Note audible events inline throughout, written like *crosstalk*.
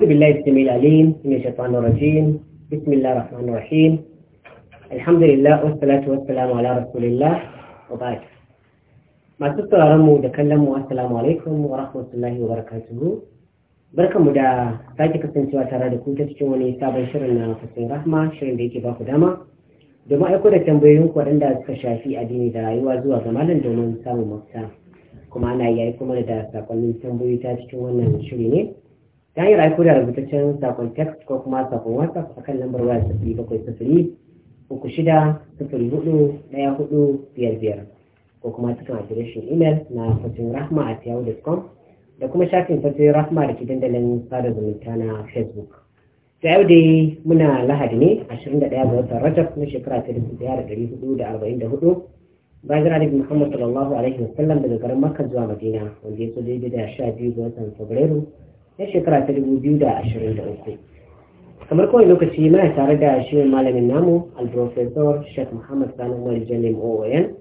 أعوذ بالله السميع العليم من الشيطان الرجيم بسم الله الرحمن الرحيم الحمد لله والصلاة والسلام على رسول الله وبعد masu sauraron mu da kallon mu assalamu alaikum wa rahmatullahi wa barakatuhu barkanmu da sake kasancewa tare da ku ta cikin wani sabon shirin na fasin rahma shirin da yake ba ku dama domin aiko da tambayoyin ku waɗanda suka shafi addini da rayuwa zuwa ga malam domin samun mafita kuma ana iya aiko mana da sakonnin tambayoyi ta cikin wannan shiri ne ta hanyar aiko da rubutaccen sakon text ko kuma sakon whatsapp kan lambar waya sifiri bakwai sifiri uku shida sifiri hudu ɗaya hudu biyar biyar ko kuma cikin adireshin imel na fatin rahma a yahoo.com da kuma shafin fatin rahma da ke dandalin sada zumunta na facebook ta yau dai muna lahadi ne 21 ga watan rajab na shekara ta da hudu, bayan jira nabi muhammad sallallahu alaihi wasallam daga garin makka zuwa madina wanda ya so daidai da 12 ga watan fabrairu na shekara ta dubu biyu da ashirin da uku kamar kawai lokaci muna tare da shirin malamin namu al alprofesor sheikh muhammad sani umar jalim oon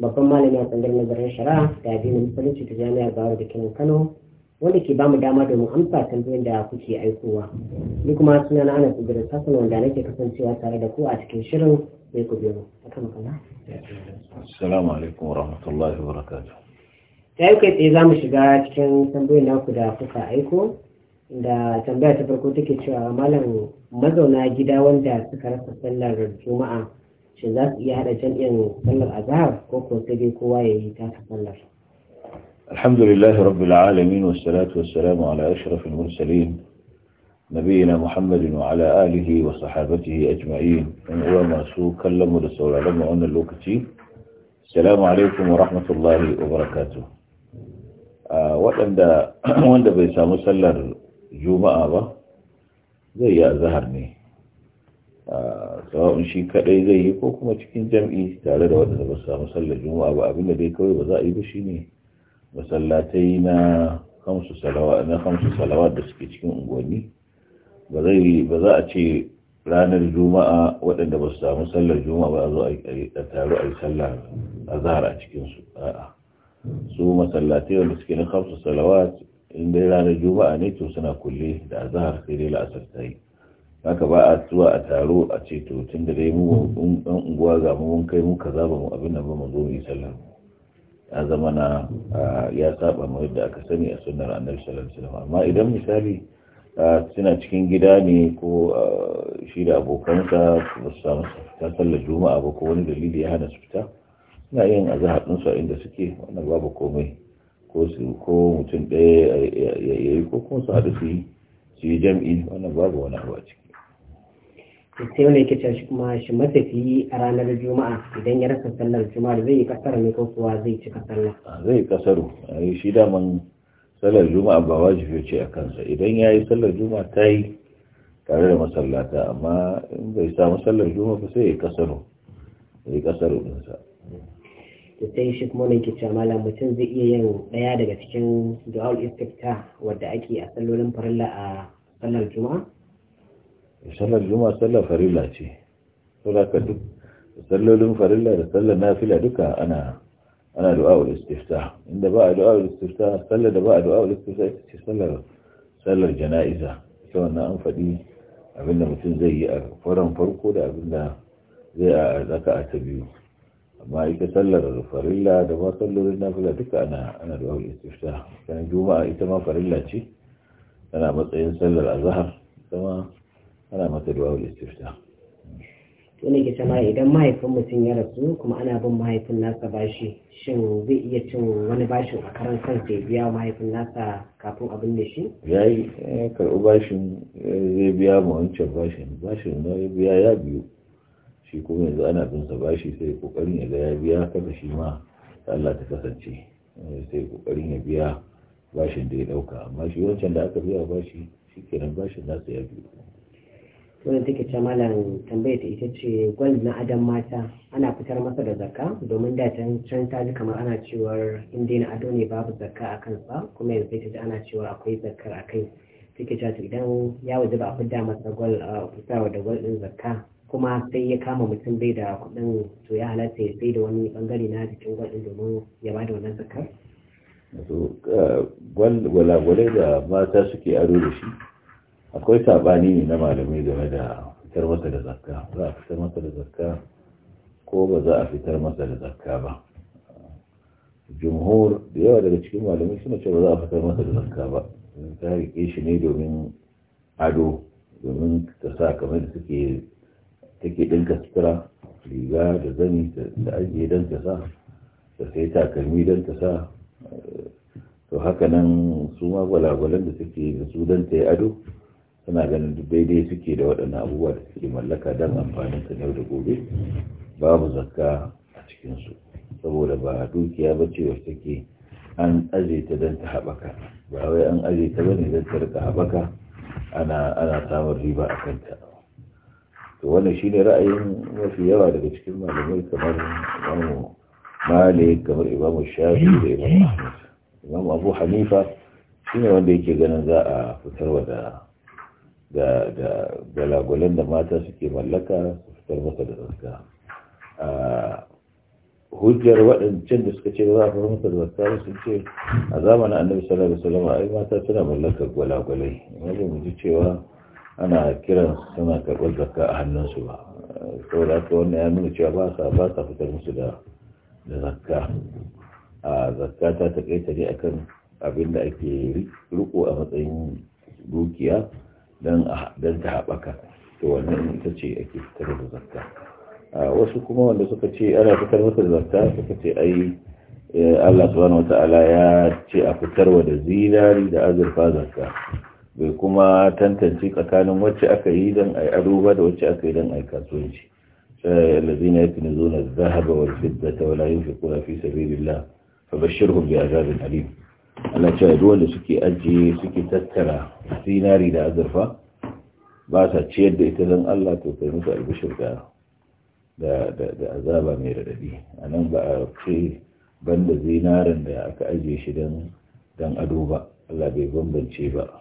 babban malami a tsangar nazarin shara da addinin musulunci ta jami'ar bayar da kinan kano wanda ke bamu dama domin amsa tambayoyin da kuke aikowa ni kuma suna na anas ibrahim sassan wanda nake kasancewa tare da ku a cikin shirin sai ku biyo akan kala assalamu alaikum warahmatullahi wabarakatuh ya yi kai tsaye za mu shiga cikin tambayoyin naku da kuka aiko da tambaya ta farko take cewa malam mazauna gida wanda suka rasa sallar juma'a shi za su iya hada jam'in sallar azhar ko ko sai dai kowa ya yi ta sallar alhamdulillah rabbil alamin wa salamu ala ashrafil mursalin nabiyina muhammadin wa ala alihi wa sahabatihi ajma'in in uwa masu kallon mu da sauraron mu wannan lokaci assalamu alaikum wa rahmatullahi wa barakatuh waɗanda *clears throat* wanda bai samu sallar juma'a ba zai yi azahar ne tsawon shi kaɗai zai yi ko kuma cikin jam'i tare da waɗanda ba su samu sallar juma'a ba abinda dai kawai ba za a yi ba shine masallatai na kamsu salawa da suke cikin unguwanni ba za a ce ranar juma'a waɗanda ba su samu sallar juma'a ba a zo a taru a yi sallar azahar a cikinsu a'a su masallatai wanda suke na kamsu salawat in ranar juma'a ne to suna kulle da azahar sai dai la'asar ta yi haka ba a zuwa a taro a ce to tun da dai mu ɗan unguwa ga mu mun kai mu ka zaba mu abin da ba mu zo mu yi sallah ya zama na ya saba mu yadda aka sani a sunnar annabi sallallahu alaihi amma idan misali suna cikin gida ne ko shi da abokansa ba su samu fita sallar juma'a ba ko wani dalili ya hana su fita na yin a ɗinsu a inda suke wannan babu komai ko ko mutum ɗaya ya yi ko kuma su haɗu su yi su yi jam'i wannan babu wani abu a ciki sai wani ke cewa kuma shi matafiyi a ranar juma'a idan ya rasa sallar juma'a zai yi kasar ne ko kuwa zai cika sallar zai yi kasaru shi daman sallar juma'a ba wajibi ce a kansa idan ya yi sallar juma'a ta yi tare da masallata amma in bai samu sallar juma'a ba sai ya yi kasaru ya yi kasaru ɗinsa da sai shi kuma mai ke cewa malam mutum zai iya yin ɗaya daga cikin du'a'ul istifta wadda ake a sallolin farilla a sallar juma'a sallar juma'a sallar farilla ce saboda duk sallolin farilla da sallar nafila duka ana ana du'a'ul istifta inda ba a du'a'ul istifta sallar da ba a du'a'ul istifta ita ce sallar sallar jana'iza ita wannan an faɗi abinda mutum zai yi a faran farko da abinda zai a zaka a ta biyu amma ita sallar farilla da ma na nafila duka ana ana da wani istifta kana juma'a ita ma farilla ce tana matsayin sallar azhar kuma ana mata da wani istifta to ke cewa idan mahaifin mutum ya rasu kuma ana bin mahaifin nasa bashi shin zai iya cin wani bashin a karan kansa sai biya mahaifin nasa kafin abin da shi yayi yi karɓi bashin zai biya ma wancan bashin bashin na biya ya biyu shi kuma yanzu ana bin sa bashi sai kokarin ya ga ya biya kada shi ma Allah ta kasance eh, sai kokarin ya biya bashin da ya dauka amma shi wancan da aka biya bashi shikenan bashin nasa ya biyu wannan take ce malam tambaya ta ita ce gwal na adam mata ana fitar masa da zakka domin da can ta ji kamar ana cewar inda na ado ne babu zakka a kan kansa kuma yanzu ta ce ana cewa akwai zakkar a kai take cewa idan ya waje ba a fidda masa gwal a fitarwa da gwal din zakka kuma sai ya kama mutum bai da kuɗin to ya halatta ya sai da wani bangare na jikin gwal domin ya bada da wannan zakar wato eh, gwalai da mata suke aro da shi akwai sabani ne na malamai game da fitar masa da zakka za a fitar masa da zakka ko ba za a fitar masa da zakka ba jumhur da yawa daga cikin malamai suna cewa za a fitar masa da zakka ba ta rike shi ne domin ado domin ta sa kamar da suke take ɗinka sutura riga da zani da ajiye don ta sa da sai takalmi don ta sa to haka nan su ma da suke da su don ta yi ado suna ganin duk daidai suke da waɗannan abubuwa da suke mallaka don amfanin ta yau da gobe babu zakka a cikinsu saboda ba dukiya ba ce wacce take an aje ta don ta haɓaka ba wai an aje ta bane don ta rika haɓaka ana ana samun riba a kanta to wannan shine ra'ayin mafi yawa daga cikin malamai kamar imamu malik kamar imamu shafi da imamu abu hanifa shine wanda yake ganin za a fitarwa da da da galagulan da mata suke mallaka su fitar masa da a hujjar waɗancan da suka ce ba za a fahimta da zakka sun ce a zamanin annabi sallallahu alaihi wasallam ai mata suna mallakar gwalagwalai yanzu mu ji cewa ana kiran suna karɓar zakka a hannunsu ba da haka wani ya nuna cewa ba sa ba sa fitar musu da zakka a zakka ta takaita ne akan abin da ake riko a matsayin dukiya don ta haɓaka to wannan ita ce ake fitar da zakka A wasu kuma wanda suka ce ana fitar masa da zakka suka ce ai eh, Allah subhanahu ta'ala ya ce a fitarwa da zinari da azurfa zakka bai kuma tantance tsakanin wacce aka yi don a da wacce aka yi don a yi kasuwanci wala يكنزون الذهب na fi ينفقون في سبيل الله bi azabin alim Allah cewa duk wanda suke ajiye suke tattara zinari da azurfa ba sa ciyar da ita don Allah to kai musu albishir da da azaba mai radadi a nan ba a ce banda zinarin da aka ajiye shi don ado ba Allah bai bambance ba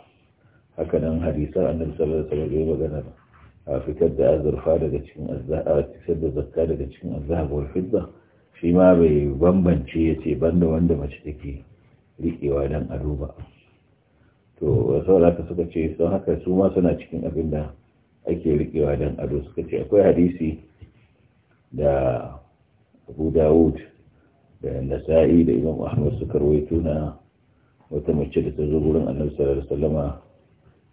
haka nan hadisan annabi sallallahu alaihi wasallam magana a fitar da azurfa daga cikin a fitar da zakka daga cikin azhar wal fidda shi ma bai bambance yace banda wanda mace take rikewa dan ado ba to saboda suka ce sun haka su ma suna cikin abin da ake rikewa dan ado suka ce akwai hadisi da Abu Dawud da Nasa'i da Imam Ahmad suka rawaito na wata mace da ta zo gurin Annabi sallallahu alaihi wasallama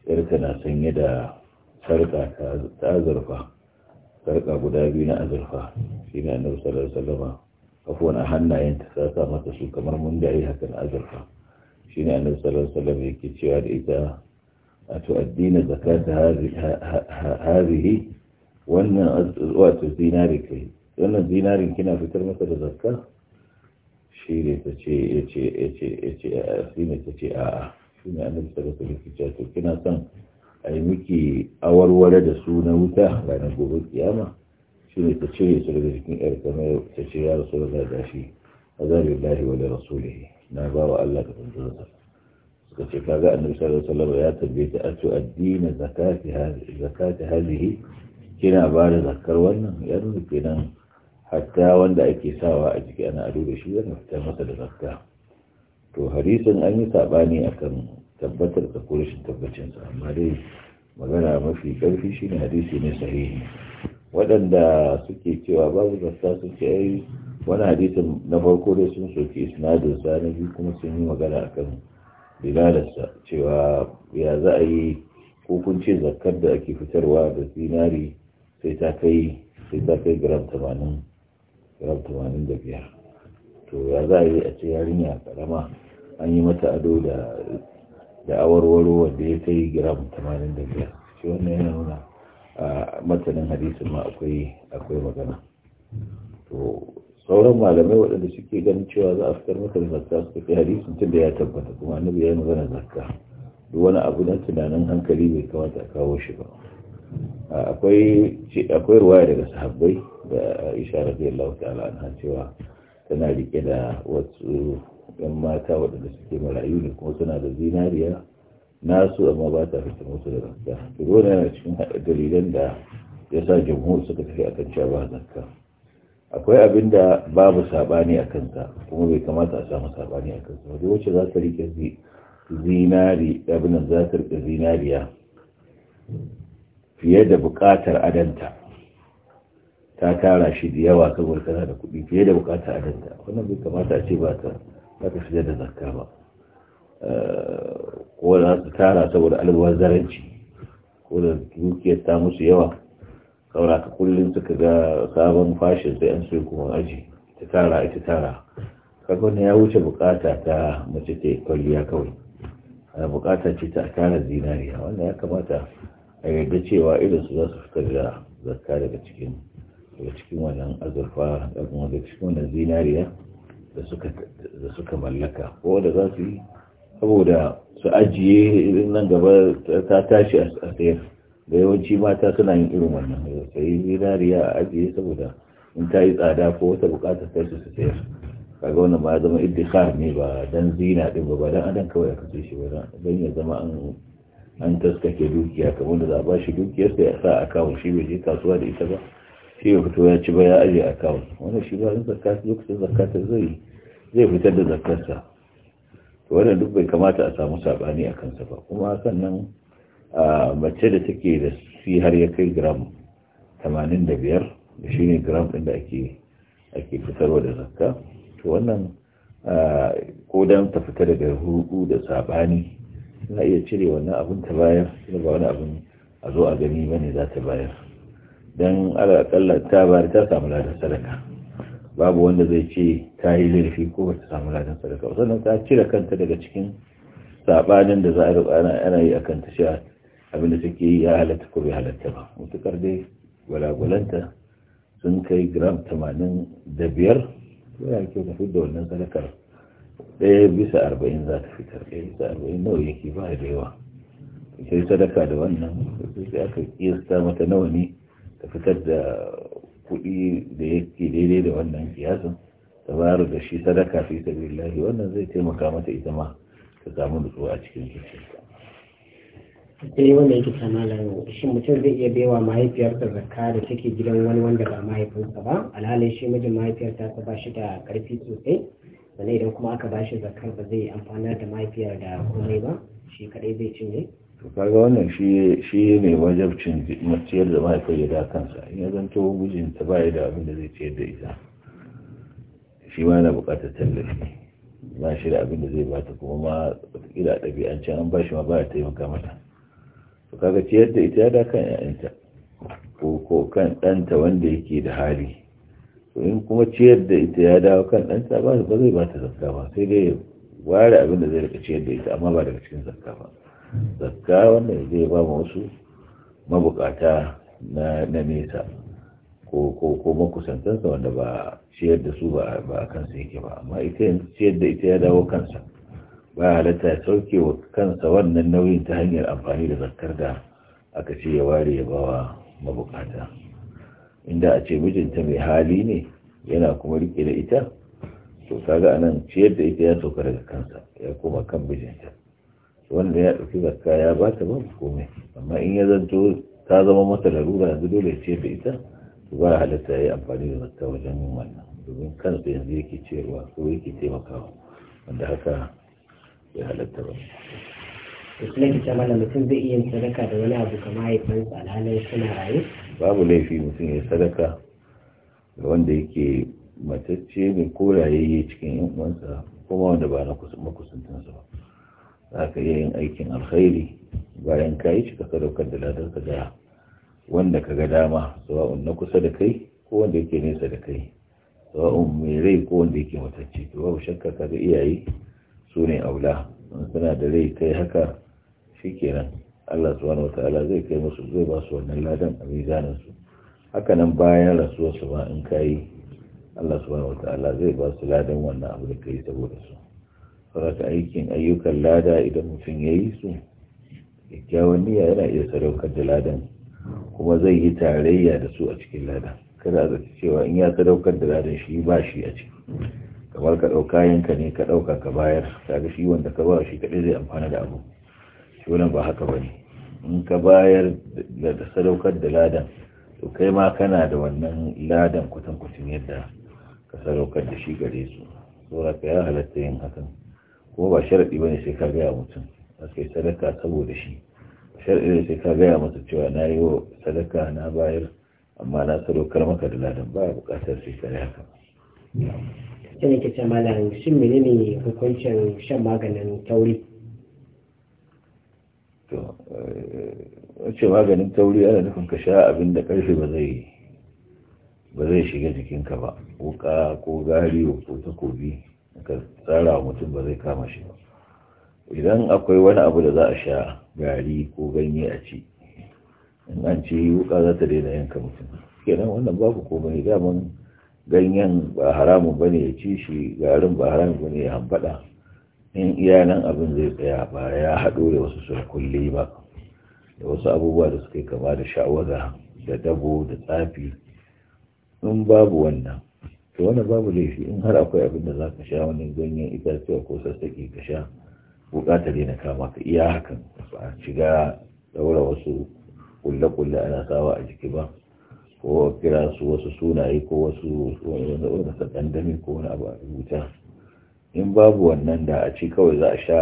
yarka na sanye da sarka ta azurfa Sarƙa guda biyu na azurfa shi ne annabi sallallahu alaihi wasallam a hannayenta ta sa mata su kamar mun gari hakan azurfa shi ne annabi sallallahu alaihi wasallam yake cewa da ita a to addina zakata hazihi wannan wato zinari kai wannan zinarin kina fitar masa da zakka shi ne ta ce ya ce ya ce ya ce ya ce a'a shi ne annabi sallallahu alaihi wasallam to kina son a yi miki awarware da su na wuta ranar gobe kiyama shi ne ta cire su daga jikin yar kamar ta ce ya rasu da zaga shi a lahi wa da rasulihi na ba wa Allah da manzonsa suka ce kaga annabi sallallahu alaihi wasallam ya tambaye ta a to addini zakati zakati halihi kina ba da zakar wannan ya kenan hatta wanda ake sawa a jiki ana ado da shi yana fitar masa da zakka to hadisin an yi saɓani kan tabbatar da ko tabbacinsa amma dai magana mafi ƙarfi shine hadisi ne sahihi waɗanda suke cewa babu zasta sun ce ai wani hadisin na farko dai sun soke isnadin sa biyu kuma sun yi magana kan bilalarsa cewa ya za a yi ce zakar da ake fitarwa da zinari sai ta kai sai ta kai gram tamanin tamanin da biyar to ya za a yi a ce yarinya karama an yi mata ado da da awarwaro wanda ya kai gram 85 shi wannan yana nuna a matanin hadisi ma akwai akwai magana to sauran malamai waɗanda suke ganin cewa za a fitar maka da zakka su kai hadisin tun da ya tabbata kuma annabi ya magana zakka duk wani abu na tunanin hankali bai kamata a kawo shi ba akwai ruwaya daga sahabbai da isha radiyallahu ta'ala an cewa tana rike da wasu yan mata waɗanda suke marayu ne kuma suna da zinariya nasu amma ba ta fita musu da zakka to yana cikin dalilan da ya sa jamhur suka tafi a kan cewa zakka akwai abin da babu saɓani a kansa kuma bai kamata a samu saɓani a kansa wajen wacce za ta rike zinari abin za ta rike zinariya fiye da buƙatar adanta ta tara shi da yawa saboda tana da kuɗi fiye da bukata a danta wannan bai kamata a ce ba ta ba ta fitar da zakka ba eh, ko za su tara saboda zaranci ko da dukiyar ta musu yawa saura ka kullum suka ga sabon fashin sai an sai kuma aji ta tara ita tara kaga ya wuce bukata ta mace ta kwalliya kawai a eh, bukata ce ta tara zinariya wannan ya kamata a yarda cewa irin su za su fitar da zakka daga cikin daga cikin wannan azurfa daga cikin wannan zinariya da suka mallaka ko da za su yi saboda su ajiye irin nan gaba ta tashi a sayar da yawanci mata suna yin irin wannan sai zinariya a ajiye saboda in ta yi tsada ko wata bukatar ta su sayar kaga wannan ma zama iddikar ne ba dan zina din ba ba dan adam kawai aka ce shi ba dan ya zama an an taskake dukiya kamar da za a ba shi dukiyar sai ya sa a kawo shi bai je kasuwa da ita ba shi ya fito ya ci ba ya aje akawun wannan shi ba zakka lokacin zai zai fitar da zakkarsa to wannan duk bai kamata a samu sabani a kansa ba kuma sannan mace da take da shi har ya kai gram 85 da shi ne gram ɗin da ake ake fitarwa da zakka to wannan ko dan ta fita daga hudu da sabani na iya cire wannan abin ta bayar ba wani abin a zo a gani bane za ta bayar don alaƙalla ta bayar ta samu ladan sadaka babu wanda zai ce ta yi laifi ko ba ta samu ladan sadaka sannan ta cire kanta daga cikin saɓanin da za a ruɓa ana yi a kanta sha abinda take yi ya halatta ko bai halatta ba mutukar dai gwalagwalanta sun kai gram tamanin da biyar ya kyau da wannan sadakar ɗaya bisa arba'in za ta fitar ɗaya bisa arba'in nawa yake ba da yawa sai sadaka da wannan sai aka kiyasta mata nawa ne da fitar da kuɗi da yake daidai da wannan kiyasin ta bayar da shi sadaka fi sabilillahi wannan zai taimaka mata ita ma ta samu nutsuwa a cikin zuciyarta sai wanda yake samalan shin mutum zai iya baiwa mahaifiyarta zakka da take gidan wani wanda ba mahaifinsa ba alhalin shi mijin mahaifiyarta ta ba shi da karfi sosai sannan idan kuma aka ba shi zakkar ba zai amfana da mahaifiyar da komai ba shi kadai zai cinye kaga wannan shi ne wajabcin ciyar da mahaifar ya da kansa in ya zanto mijinta ba ya da abin da zai ciyar da ita shi ma yana bukatar tallafi ba shi da abin da zai bata kuma ma ila ɗabi'ancin an ba shi ma ba ya taimaka mata to kaga ciyar da ita ya da kan 'ya'yanta ko ko kan ɗanta wanda yake da hali to in kuma ciyar da ita ya dawo kan ɗanta ba zai ba ta zakka ba sai dai ware abin da zai rika ciyar da ita amma ba daga cikin zakka ba zakka wannan zai ba mu wasu mabukata na nesa ko ko ko makusantansa wanda ba ciyar da su ba a kansa yake ba amma ita ciyar da ita ya dawo kansa ba halatta ya sauke wa kansa wannan nauyin ta hanyar amfani da zakkar da aka ce ya ware ya bawa mabukata inda a ce mijinta mai hali ne yana kuma rike da ita to kaga anan ciyar da ita ya sauka daga kansa ya koma kan mijinta wanda ya ɗauki zakka ya ba ta babu komai amma in ya zanto ta zama mata larura yanzu dole ya ce da ita to ba halatta ya yi amfani da zakka wajen yin wannan domin kansa yanzu yake ciyarwa ko yake taimakawa wanda haka ya halatta ba. Islam ta mana mutum zai iya sadaka da wani abu kama haifansa alhalin suna raye? Babu laifi mutum ya sadaka da wanda yake matacce ne ko rayayye cikin yan uwansa kuma wanda ba na makusantansa ba. za ka iya yin aikin alkhairi bayan ka yi shi ka sadaukar da ladar ka ga wanda ka ga dama sawa'un na kusa da kai ko wanda yake nesa da kai sawa'un mai rai ko wanda yake matacce to babu shakka ka ga iyaye su ne aula suna da rai kai haka shikenan Allah subhanahu wataala zai kai musu zai ba su wannan ladan a mizanin su haka nan bayan rasuwar su ba in kai Allah subhanahu wataala zai ba su ladan wannan abu da kai saboda su saboda aikin ayyukan lada idan mutum ya yi su kyakkyawan niyya yana iya sadaukar da ladan kuma zai yi tarayya da su a cikin ladan kada a zata cewa in ya sadaukar da ladan shi ba shi a ciki kamar ka ɗauka yanka ne ka ɗauka ka bayar kaga shi wanda ka ba shi kaɗai zai amfana da abu shi wannan ba haka ba ne in ka bayar da sadaukar da ladan to kai ma kana da wannan ladan kwatankwacin yadda ka sadaukar da shi gare su saboda ka ya halatta yin hakan kuma ba sharaɗi ba ne sai ka gaya mutum a sadaka saboda shi sharaɗi ne sai ka gaya masa cewa na yi wa sadaka na bayar amma na tsaro maka da ladan ba buƙatar sai ka haka sai ne kace shi mene menene hukuncin shan maganin tauri to eh, ce maganin tauri ana nufin ka sha abin da karfe ba zai ba zai shiga jikinka ba wuka ko gari ko takobi ka tsara mutum ba zai kama shi ba idan akwai wani abu da za a sha gari ko ganye a ci in an ce wuka za ta daina yanka mutum kenan wannan babu komai daman ganyen ba haramun ba ne ya ci shi garin ba haramun ba ne ya hambaɗa in iya nan abin zai tsaya ba ya haɗo da wasu sulkulli ba da wasu abubuwa da suka yi kama da sha'awaza da dabo da tsafi in babu wannan to wannan babu laifi in har akwai abin da za ka sha wani ganyen itatuwa ko sassaƙi ka sha buƙatar yana kama ka iya hakan ba shiga daura wasu kulle-kulle ana sawa a jiki ba ko kira su wasu sunaye ko wasu wanda ko wani abu a rubuta in babu wannan da a ci kawai za a sha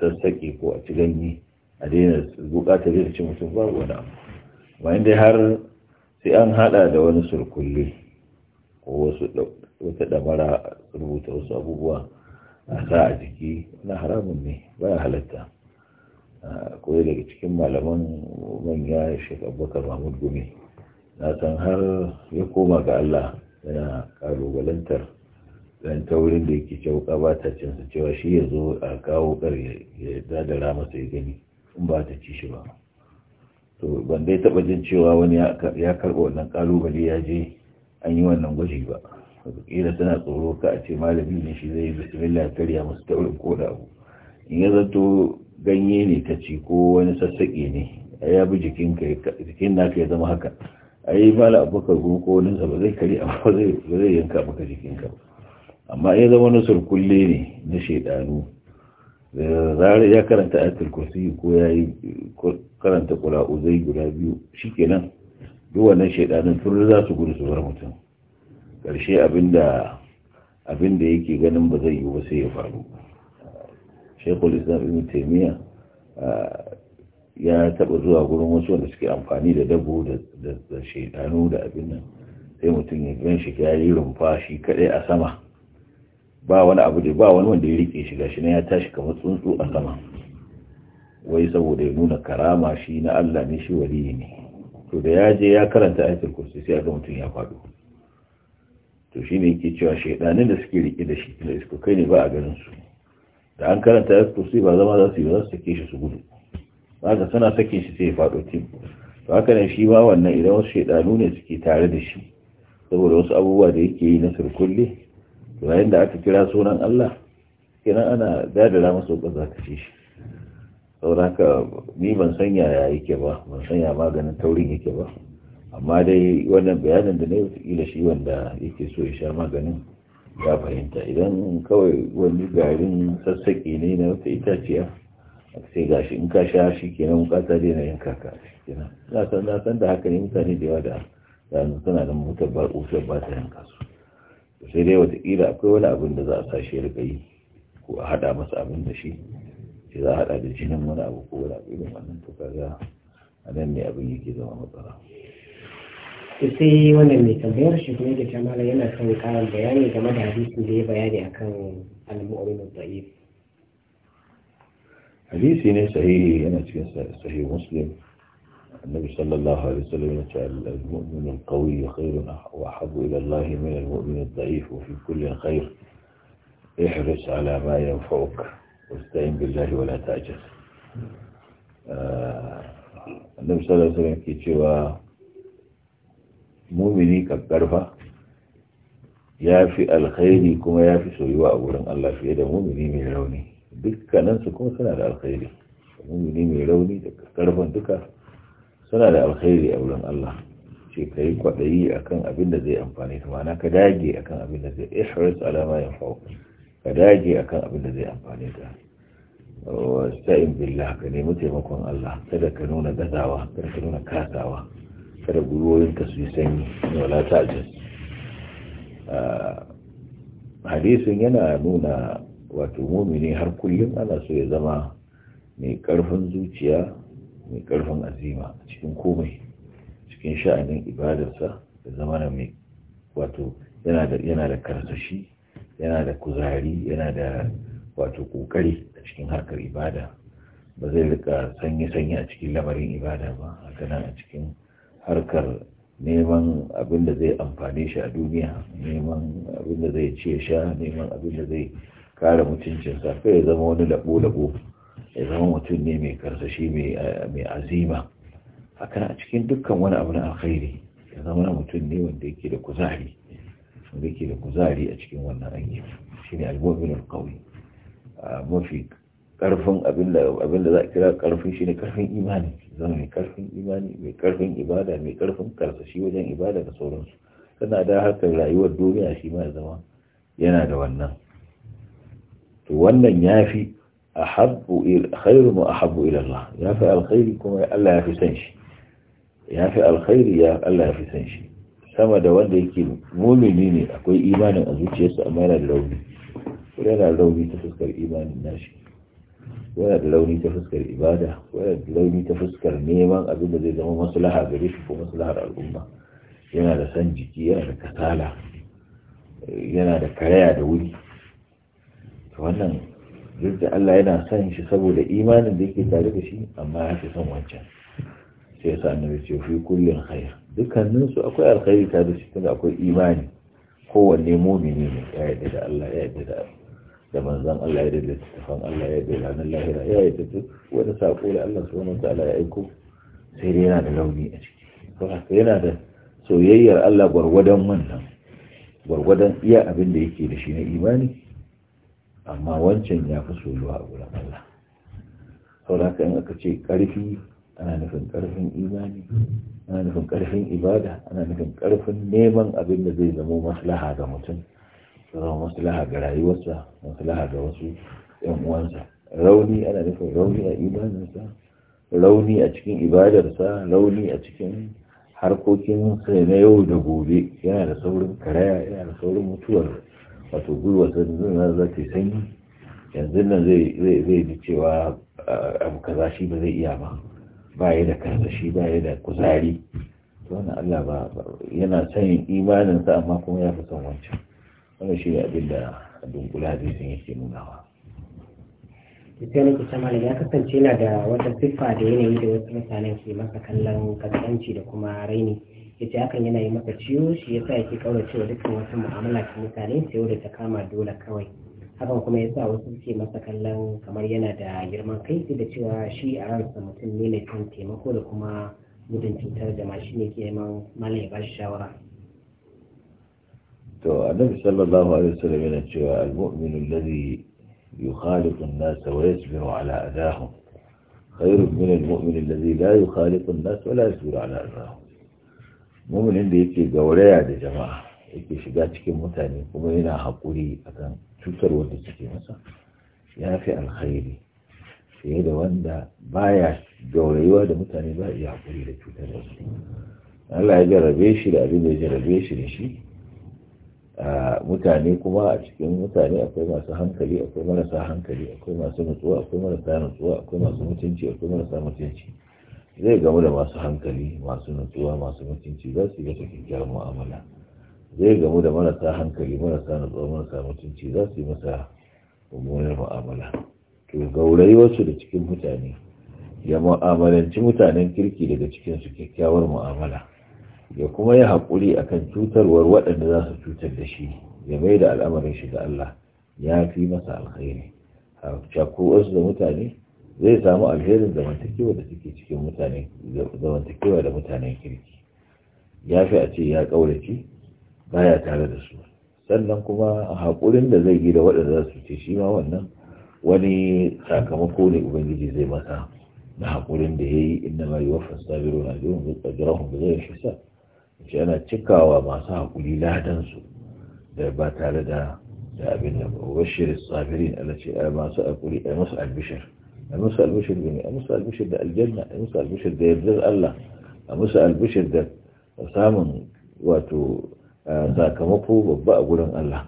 sassaƙi ko a ci ganye a daina buƙatar yana ci mutum babu wani abu bayan dai har sai an haɗa da wani surkulle wasu wata dabara rubuta wasu abubuwa a sa a jiki na haramun ne ba ya halatta akwai daga cikin malaman manya shek abubakar mahmud gumi na san har ya koma ga allah yana kalubalantar dan taurin da yake cewa ba ta cewa shi ya zo a kawo ƙarya ya dadara masa ya gani in ba ta ci shi ba to ban dai taɓa jin cewa wani ya karɓa wannan kalubale ya je an yi wannan gwaji ba wataƙila tana tsoro ka a ce malami ne shi zai bismillah karya masu taurin ko abu in ya zato ganye ne ta ci ko wani sassaƙe ne ya bi jikin naka ya zama haka a yi mala abokar gun ko wani ba zai karya *laughs* ba zai yanka maka jikinka ba amma ya zama na surkulle ne na shaidanu zarar ya karanta ayatul kursi ko ya yi karanta kula'u zai guda biyu shikenan duk wannan shaidanin turar za su gudu su bar mutum ƙarshe abinda abinda yake ganin ba zai yi ba sai ya faru shekul islam ibn taimiyya ah, ya taɓa zuwa gurin wasu wanda suke amfani da dabo da shaidanu da abin nan sai mutum ya gan shi ya yi rumfa shi kadai a sama ba wani abu da ba wani wanda ya rike shi gashi na ya tashi kamar tsuntsu a sama wai saboda ya nuna karama shi na Allah ne shi wali ne to da ya je ya karanta aikin kursi sai ga mutum ya faɗo to shine yake cewa shaidanin da suke rike da shi da isko kai ne ba a ganin su da an karanta ayatul kursi ba zama za su yi ba za su sake shi su gudu ba ga sana sake shi sai ya faɗo tim to haka ne shi ma wannan idan wasu shaidanu ne suke tare da shi saboda wasu abubuwa da yake yi na sirkulle to yayin da aka kira sunan Allah kenan ana dadara masa ƙasa ta ce shi sauraka ni ban san yaya yake ba ban san ya maganin taurin yake ba amma dai wannan bayanin da na yi shi wanda yake so ya sha maganin ya fahimta idan kawai wani garin sassaƙi ne na wata itaciya sai gashi in ka sha shi kenan kasa dai na yanka ka na san da haka ne mutane da yawa da zanen suna da motar ba ofiyar ba ta yanka su sai dai wataƙila akwai wani abin da za a sa shi ya yi ko a haɗa masa abin da shi za a haɗa da jinin wani abu ko wani abu irin wannan to kaga a nan ne abin yake zama matsala to sai wannan mai tambayar shi kuma yake ta mala yana son karin bayani game da hadisin da ya bayani akan al-mu'min al-da'if hadisi ne sahihi yana cikin sahihi muslim النبي صلى الله عليه وسلم قال المؤمن القوي خير وأحب إلى الله من المؤمن الضعيف وفي كل خير احرص على ما ينفعك wasta'in billahi wala ta'jaz annabi sallallahu alaihi wasallam ke cewa mumini kakarfa ya fi alkhairi kuma ya fi soyuwa a wurin Allah fiye da mumini mai rauni dukkaninsu kuma suna da alkhairi mumini mai rauni da karfin duka suna da alkhairi a wurin Allah ce ka yi kwaɗayi a kan abin da zai amfani ta mana ka dage a kan abin da zai ihris alama ya fauka ka dage kan abin da zai amfani ta sa'in billah ka nemi taimakon Allah kada ka nuna gazawa kada ka nuna kasawa kada ka su yi sanyi ne wala ta'jaz ah, hadisin yana nuna wato mumini har kullum ana so ya zama mai karfin zuciya mai karfin azima cikin komai cikin sha'anin ibadarsa da zama mai wato yana da karsashi yana da kuzari yana da wato kokari a cikin harkar ibada ba zai rika sanyi-sanyi a cikin lamarin ibada ba haka nan a cikin harkar neman abin da zai amfane shi a duniya neman abin da zai ce sha neman abin da zai kare mutuncinsa kai ya zama wani labo-labo ya zama mutum ne mai karsashi mai azima haka a cikin dukkan wani abu na alkhairi ya zama mutum ne wanda yake da kuzari da ke da kuzari a cikin wannan aiki shi ne kauye a mafi karfin abin da za a kira karfin shi ne karfin imani zama mai karfin imani mai karfin ibada mai karfin karsashi wajen ibada da sauransu tana da harkar rayuwar duniya shi ma zama yana da wannan to wannan ya fi a habbu khairu mu a habbu ilallah ya fi alkhairi kuma Allah ya fi san shi ya fi alkhairi ya Allah ya fi san shi sama da wanda yake mumini ne akwai imanin a zuciyarsa amma yana da rauni yana da rauni ta fuskar imanin nashi yana da rauni ta fuskar ibada yana da rauni ta fuskar neman abin da zai zama maslaha gare shi ko maslahar al'umma yana da san jiki yana da kasala yana da karaya da wuri to wannan duk Allah yana san shi saboda imanin da yake tare da shi amma ya fi son wancan sai ya sa annabi ce fi kullun khair dukkaninsu akwai alkhairi ta da shi tunda akwai imani kowanne mumini ne ya yadda da Allah ya yadda da da manzan Allah ya yadda da tafan Allah ya yadda da ranar lahira ya yadda da wani saƙo da Allah subhanahu wa ta'ala ya aiko sai dai yana da launi a ciki to haka yana da soyayyar Allah gwargwadon wannan gwargwadon iya abin da yake da shi na imani amma wancan ya fi soyuwa a gurin Allah saboda haka in aka ce ƙarfi ana nufin ƙarfin imani ana nufin ƙarfin ibada ana nufin ƙarfin neman abin da zai zama maslaha ga mutum zama maslaha ga rayuwarsa maslaha ga wasu yan uwansa rauni ana nufin rauni a imaninsa rauni a cikin ibadarsa rauni a cikin harkokin na yau da gobe yana da saurin karaya yana da saurin mutuwar wato gwiwa na za ta yi sanyi yanzu nan zai ji cewa ah, abu kaza shi ba zai iya ba ba da karsashi baya da kuzari wani Allah ba yana sanin imaninsa amma kuma ya fi son wancan wani shi ne abin da dunkula sun yake nunawa ita ne kusa malam ya kasance yana da wata siffa da yanayi da wasu mutanen ke masa kallon kaskanci da kuma raini yace hakan yana yi masa ciwo shi yasa yake kaura cewa dukkan wasu mu'amala ta mutane sai da ta kama dole kawai hakan kuma ya sa wasu suke masa kallon kamar yana da girman kai sai da cewa shi a ransa mutum ne mai kan taimako da kuma gudun cutar da shi ne ke neman malam ya bashi shawara to annabi sallallahu alaihi wasallam yana cewa al-mu'minu alladhi yukhaliqu an-nas wa yasbiru ala adahum khairun min al-mu'min alladhi la yukhaliqu an-nas wa la yasbiru ala adahum mu'minin da yake gauraya da jama'a yake shiga cikin mutane kuma yana haƙuri akan cutar wanda suke masa ya fi alkhairi fiye da wanda ba baya gaurayuwa da mutane ba iya haƙuri da cutar da su Allah ya jarabe shi da abin da ya jarabe shi da shi mutane kuma a cikin mutane akwai masu hankali akwai marasa hankali akwai masu nutsuwa akwai marasa nutsuwa akwai masu mutunci akwai marasa mutunci zai gamu da masu hankali masu nutsuwa masu mutunci za su yi wata kyakkyawar mu'amala zai gamu da marasa hankali marasa tsawon marasa mutunci za su yi masa mummunar mu'amala to gaurayi wasu da cikin mutane ya mu'amalanci mutanen kirki daga cikin su kyakkyawar mu'amala ya kuma yi haƙuri kan cutarwar waɗanda za su cutar da shi ya mai da al'amarin shi da Allah ya fi masa alkhairi a wasu da mutane zai samu alherin zamantakewa da suke cikin mutane zamantakewa da mutanen kirki ya fi a ce ya ƙaurace baya tare da su sannan kuma haƙurin da zai yi da waɗanda za su ce shi ma wannan wani sakamako ne ubangiji zai masa na haƙurin da ya yi inda ma yi wafan sabiru na jirin da tsagirahun da zai shisa shi ana cikawa masu haƙuri ladansu da ba tare da da abin da ba bashir sabirin ala ce a masu haƙuri a masu albishir a masu albishir gani a masu albishir da aljanna a masu albishir da yardar allah a masu albishir da samun wato sakamako babba a gurin Allah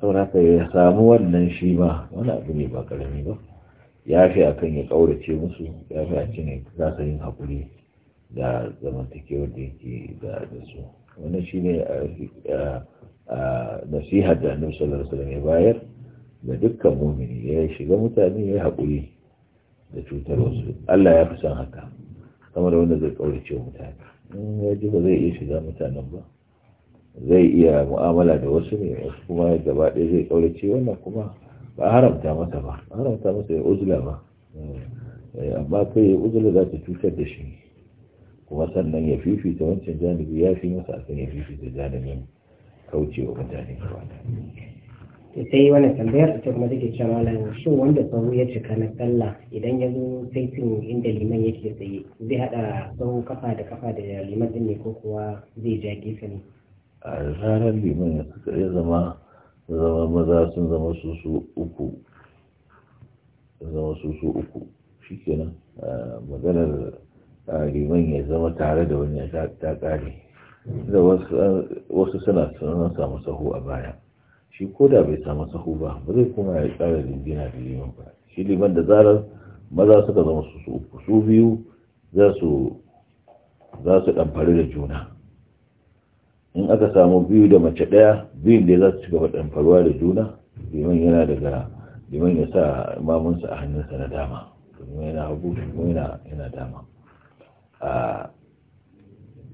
saboda ka ya samu wannan shi ma wani abu ne ba karami ba ya fi a kan ya ƙaurace musu ya fi a cini za su yin haƙuri da zamantakewar da yake da su Wani shi ne a nasiha da annabi su da ya bayar da dukkan mumini ya shiga mutane ya haƙuri da cutar wasu Allah ya fi son haka kamar wanda zai ƙaurace mutane in ya ji ba zai iya shiga mutanen ba zai iya mu'amala da wasu ne wasu kuma gaba ɗaya zai ƙaurace wannan kuma ba haramta mata ba haramta masa ya uzula ba eh, amma kai ya uzula za ta cutar da shi kuma sannan ya fifita wancan janibi ya fi masa akan ya fifita janibin kaucewa mutane gaba to sai wani tambayar ta kuma take cewa malam shin wanda sahu ya cika na sallah idan ya zo saitin inda liman yake tsaye zai haɗa sahu kafa da kafa da liman ɗin ne ko kuwa zai ja gefe ne a ranar liman ya zama zama maza sun zama susu uku zama susu uku shi kenan maganar liman ya zama tare da wani ta kare da wasu suna sanar samu sahu a baya shi ko da bai samu sahu ba ba zai kuma ya kare lingina da liman ba shi liman da zarar maza suka zama susu uku su biyu za su ɗamfari da juna aka samu biyu da mace daya biyun da za su ci gaba faruwa da juna liman yana daga liman ya sa mamunsa a hannunsa na dama kuma yana hagu kuma yana dama a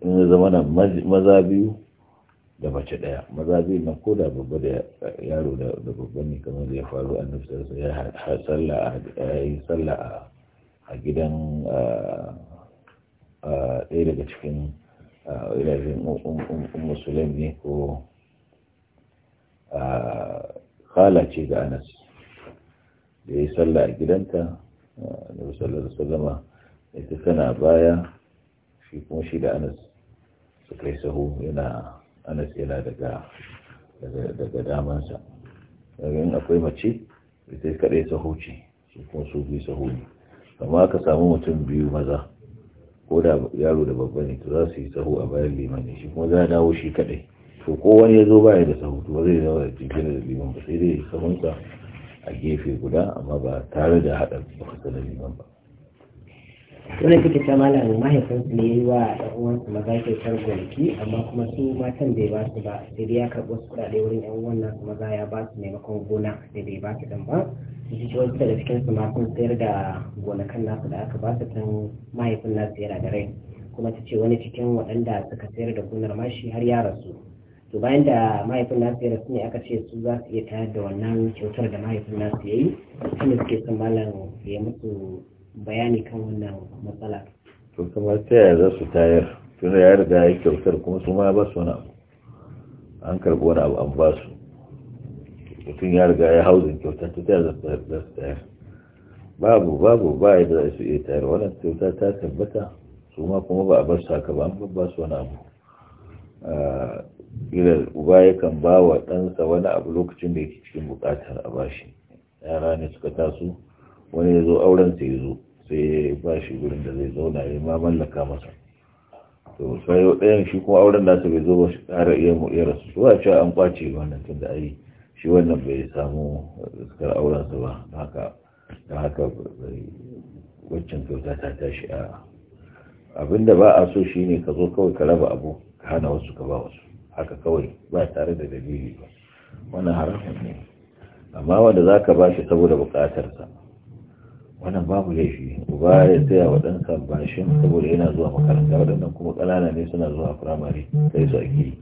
in zama na maza biyu da mace ɗaya maza biyu na ko da babba da yaro da babban ne kamar da ya faru a nufisarsa ya yi sallah a gidan ɗaya daga cikin ina jin musulun ne ko khala ce da anas da ya yi sallah a gidanta na sallar sallama ita tana baya shi kuma shi da anas su kai sahu yana anas yana daga damansa daga akwai mace ita kaɗai sahu ce kuma su biyu sahu ne amma aka samu mutum biyu maza ko da yaro da babba ne to za su yi tsaho a bayan liman ne shi kuma za a dawo shi kadai to ko wani ya zo baya da tsaho to ba zai zama da cikin da liman ba sai dai sahunsa a gefe guda amma ba tare da haɗa kusa da liman ba wani kake ta malam mahaifinsu ne yi wa ɗan uwansu maza kyautar gonaki amma kuma su matan bai ba su ba sai dai ya karɓi wasu kuɗaɗe wurin ɗan uwan nasu maza ya ba su maimakon gona da bai ba su dan ba shi da cikin su sayar da gonakan nasu da aka ba su mahaifin nasu yana da rai kuma ta ce wani cikin waɗanda suka sayar da gonar mashi har ya rasu to bayan da mahaifin nasu ya rasu ne aka ce su za su iya tayar da wannan kyautar da mahaifin nasu ya yi da suke son malam ya musu bayani kan wannan matsala. to kuma ta yaya za su tayar tun ya riga ya kyautar kuma su ma ba su wani abu an karɓi wani abu an ba su mutum ya riga ya hauzin kyauta ta ta da su babu babu ba ya da su iya tayar wannan kyauta ta tabbata su ma kuma ba a bar haka ba an babba su wani abu gidan uba yakan ba wa ɗansa wani abu lokacin da yake cikin buƙatar a bashi yara ne suka taso wani ya zo auren sai ya zo sai ya ba shi gurin da zai zauna ya ma mallaka masa to sai ɗayan shi kuma auren nasa bai zo ba shi ƙara iya mu iya rasu to a ce an ƙwace wannan tun da ayi shi wannan bai samu fuskar aurensa ba haka da haka waccan kyauta ta tashi a abinda ba a so shine ka zo kawai ka raba abu ka hana wasu ka ba wasu haka kawai ba tare da dalili ba wannan haramun ne amma wanda za ka ba shi saboda bukatarsa wannan babu laifi uba ya tsaya wa ɗansa bashin saboda yana zuwa makaranta waɗannan kuma ƙanana ne suna zuwa firamare sai su ake yi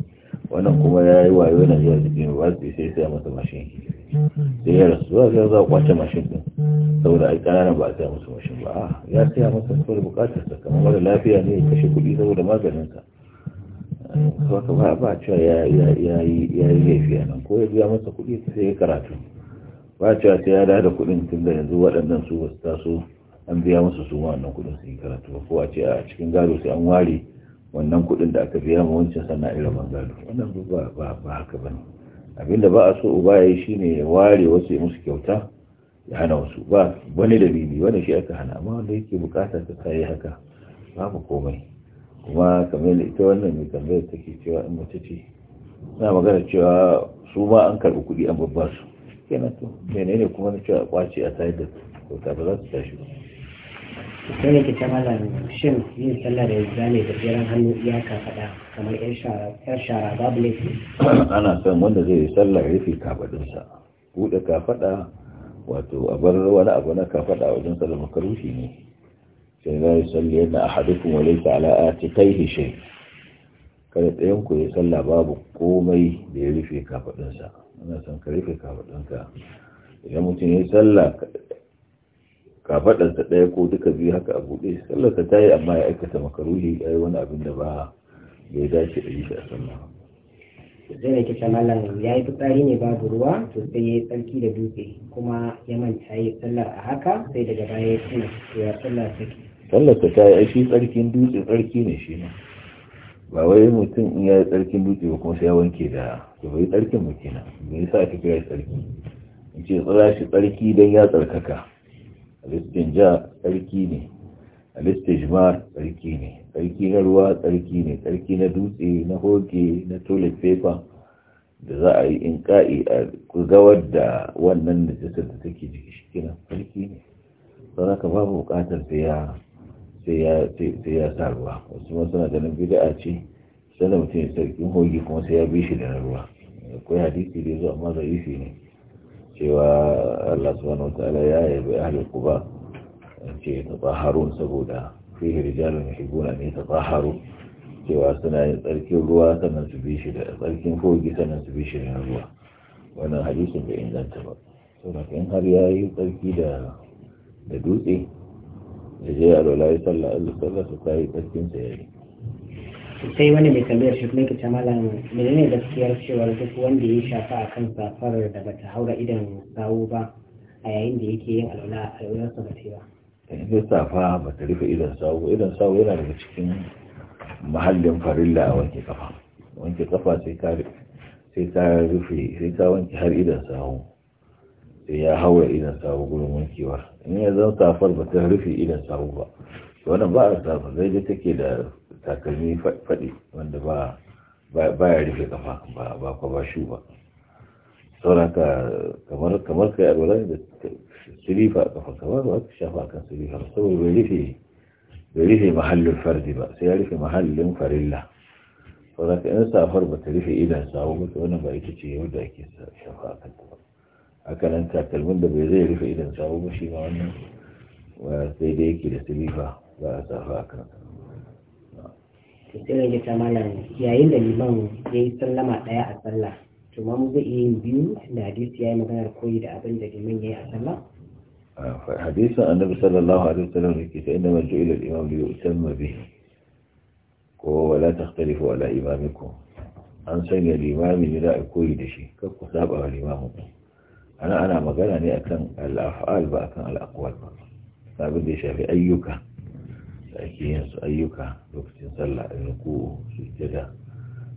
wannan kuma ya yi wayo na zuwa jikin ba su sai sai masa mashin sai ya rasu ba sai za a kwace mashin din saboda a ƙananan ba a sai masa mashin ba ah, ya sai masa saboda bukatar sa kamar mara lafiya ne ya kashe kuɗi saboda maganin sa ka ba ba cewa ya yi laifi nan ko ya biya masa kuɗi sai ya karatu ba cewa sai ya da da kuɗin tun da yanzu waɗannan su ba su taso an biya masa su wannan kuɗin su yi karatu ko a ce a cikin gado sai an ware wannan kuɗin da aka biya ma wancan sana irin gado wannan ba ba haka abinda ba a so uba ya yi shine ya ware wasu musu kyauta ya hana wasu ba wani da dalili wani shi aka hana amma wanda yake bukata ta kayi haka babu komai kuma kamar ita wannan mai tambayar take cewa in mace ce na magana cewa su ma an karɓi kuɗi an babba su kenan to menene kuma na cewa kwace a tayar da kyauta ba za su tashi ba sai ne ta malam shin yin sallah da zane ne da jiran hannu iyaka faɗa kamar yar shara babu laifi ana son wanda zai yi sallah rufe kafadinsa buɗe kafaɗa wato a bar wani abu na a wajen sallah makarufi ne sai za yi sallah yadda a hadukun wale ta ala'a ta kai hishe kada ɗayan ku yi sallah babu komai da ya rufe kafadinsa ana son ka rufe kafadinka idan mutum ya yi sallah Ka faɗanta ɗaya ko duka biyu haka a buɗe sallarsa ta yi amma ya aikata makaruhi a yi wani abin da ba bai dace da yi a sallah zai rike ta ya yi fitsari ne babu ruwa to sai ya yi tsarki da dutse kuma ya manta yi sallar a haka sai daga baya ya tuna to ya sallar ke? sallarsa ta yi aiki tsarkin dutse tsarki ne shi ne ba wai mutum in ya yi tsarkin dutse ba kuma sai ya wanke da to bai tsarkin mu kenan me yasa aka kira tsarki in ce tsara shi tsarki don ya tsarkaka alistinja tsarki ne alistijmar tsarki ne tsarki na ruwa tsarki ne tsarki na dutse na hoge na toilet paper da za a yi in ka'i a gawar da wannan najasar da take jiki shi kina tsarki ne don haka babu bukatar sai ya sa ruwa wasu ma suna ganin bid'a ce da mutum ya sarkin hoge kuma sai ya bi shi da na ruwa akwai hadisi da ya amma zarifi ne cewa Allah subhanahu wataala ya yabi ahlul quba ce tabaharun saboda fihi rijalun yuhibbuna an yatabaharu cewa suna yin tsarkin ruwa sannan su bi shi da tsarkin kogi sannan su bi shi da ruwa wannan hadisin bai inganta ba saboda kan har ya yi tsarki da dutse da je a lola ya sallah Allah su kai tsarkin sa yayi sai wani mai tambayar shi kuma kita malam menene gaskiyar cewar duk wanda ya shafa a kan safarar da bata haura idan sawu ba a yayin da yake yin alwala yawon ba ta yi ba idan eh, safa ba ta rufe idan sawu idan sawu yana daga cikin mahallin farilla a wanke kafa wanke kafa sai ka rufe sai ka wanke har idan sawu sai ya haura idan sawu gurin wankewar in ya zama safar ba ta rufe idan sawu ba wannan ba a safa zai take da takalmi faɗi wanda ba ba ya rufe kafa ba ba kwa ba shu ba ka kamar kamar kai alwala da silifa a kafa kamar ba ka shafa kan silifa saboda bai rufe bai rufe mahallin fardi ba sai ya rufe mahallin farilla ka in safar ba ta rufe idan sawo ba wannan ba ita ce yau da ake shafa a kan ba haka nan takalmin da bai zai rufe idan sawo ba shi ma wannan sai dai yake da silifa ba a safa a kan to sai ta malam yayin da liman ya yi sallama ɗaya a sallah to ma mu zai iya biyu da hadisi ya yi maganar koyi da abin da liman ya yi a sallah hadisin annabi sallallahu alaihi wasallam ne ke ta inda marjo ila imam da yusamma bi ko wala takhtalifu ala imamikum an sanya limami ne da a koyi da shi kar ku saba wa limamin ana ana magana ne akan al-af'al ba akan al-aqwal ba abin da ya shafi ayyuka da ake yin su ayyuka lokacin sallah da ruku sujjada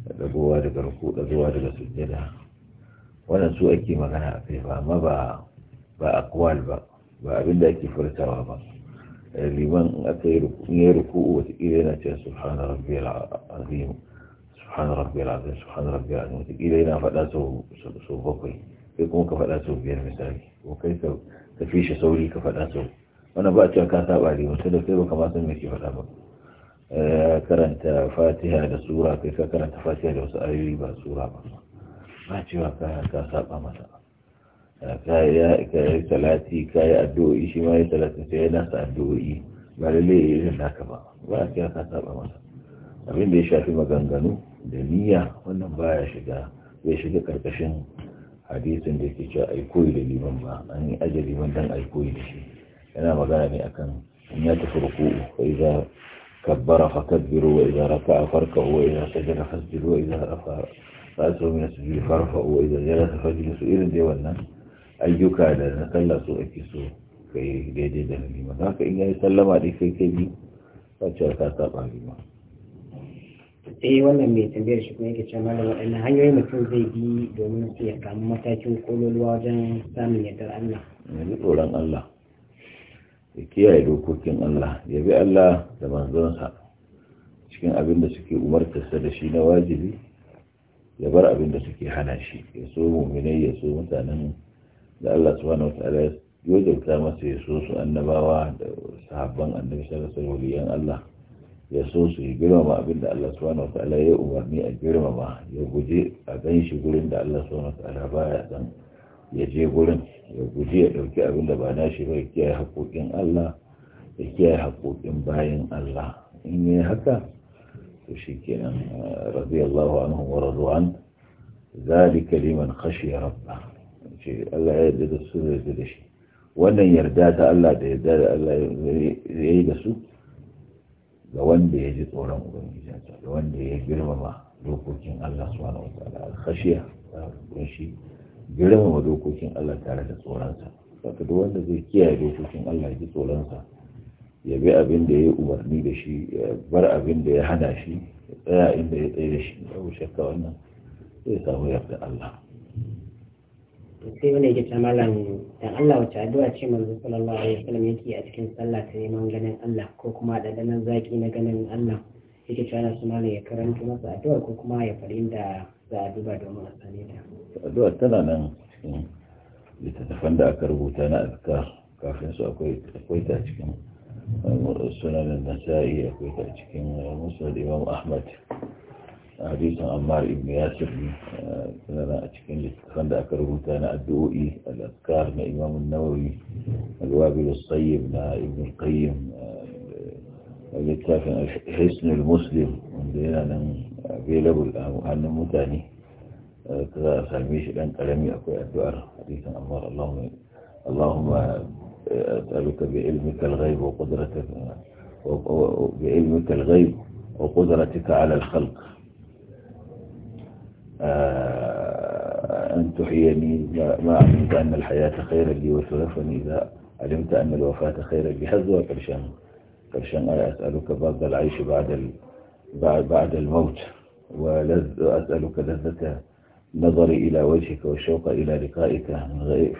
da dagowa daga ruku dagowa daga sujjada wannan su ake magana a kai ba amma ba ba akwal ba ba abin da ake furtawa ba liman in aka yi ya ruku wata kila yana cewa subhana rabbiyal azim subhana rabbiyal azim subhana rabbiyal azim wata kila yana faɗa sau bakwai kai kuma ka faɗa sau biyar misali ko kai ka fi shi sauri ka faɗa sau wannan ba a cewa ka saba ne wata da kai baka ma san me ke faɗa ba eh, karanta fatiha da sura kai ka karanta fatiha da wasu ayoyi ba sura ba ba cewa ka ka saba masa eh, ka yi salati ka yi addu'o'i shi ma yi talati sai ya nasa addu'o'i ba lalle ya irin naka ba ba a cewa ka saba masa abin da ya shafi maganganu da niyya wannan baya shiga zai shiga karkashin hadisin da ke cewa aiko da liman ba an yi ajiye liman dan aiko da shi yana magana ne akan in ya tafi ruku'u fa idza kabbara fakabbiru wa idza raka'a farka'u wa idza sajada fasjudu wa idza rafa'a fasu min sujudi farfa'u wa idza jalasa fajlisu irin dai wannan ayyuka da na sallah so ake so kai daidai da halima haka in yayi sallama dai kai kai bi wacce ka saba halima sai eh, wannan mai tambayar shi kuma yake ce malam waɗannan hanyoyi mutum zai bi domin su ya kamu matakin kololuwa wajen samun yadda Allah. Yanzu tsoron Allah. ya kiyaye dokokin Allah ya bi Allah da manzonsa cikin abin da suke umartarsa da shi na wajibi ya bar abin da suke hana shi ya so muminai ya so mutanen da Allah subhanahu yau ya yojauta masa ya so su annabawa da sahabban annabi sallallahu alaihi Allah ya so su yi girmama abin da Allah subhanahu wataala ya umarni a girmama ya guje a gan shi gurin da Allah subhanahu baya zan. ya je gurin ya guji ya ɗauki abin da ba nashi ba ya kiyaye haƙoƙin Allah ya kiyaye haƙoƙin bayan Allah in yi haka to shi kenan radiyallahu anhu wa radwan kaliman kashi ya rabba ce Allah ya yarda da su yarda da shi wannan yarda ta Allah da yarda da Allah ya yi da su ga wanda ya ji tsoron ubangijinsa Ga wanda ya girmama dokokin Allah subhanahu wa ta'ala al-khashiya ta girmama dokokin Allah tare da tsoronsa wato duk wanda zai kiyaye dokokin Allah ya ji tsoronsa ya bi abin da ya umarni da shi ya bar abin da ya hana shi ya tsaya inda ya tsaye da shi babu shakka wannan zai samu yarda Allah sai wanda ke ta malam dan Allah wace addu'a ce manzo sallallahu alaihi wasallam yake a cikin sallah ta neman ganin Allah ko kuma da ganin zaki na ganin Allah yake cewa su malam ya karanta masa addu'a ko kuma ya da za a duba domin a sane da. addu'a tana nan cikin littattafan da aka rubuta na azkar kafin su akwai ta cikin eh, sunanin nasa'i akwai ta cikin eh, musul imam ahmad a hadisan ammar ibn yasir ne eh, a cikin littattafan da aka rubuta na addu'o'i al'adkar na imamun nawawi da sayyib na ibn qayyim littafin hisnul muslim wanda yana nan available a hannun mutane كذا سلميش الآن تلمي أكو أدوار حديثا أمار اللهم اللهم أسألك بعلمك الغيب وقدرتك بعلمك الغيب وقدرتك على الخلق أن تحييني ما علمت أن الحياة خير لي وسلفني إذا علمت أن الوفاة خير لي هذا هو كرشان كرشان أسألك بعض العيش بعد بعد الموت وأسألك لذته نظري إلى وجهك والشوق إلى لقائك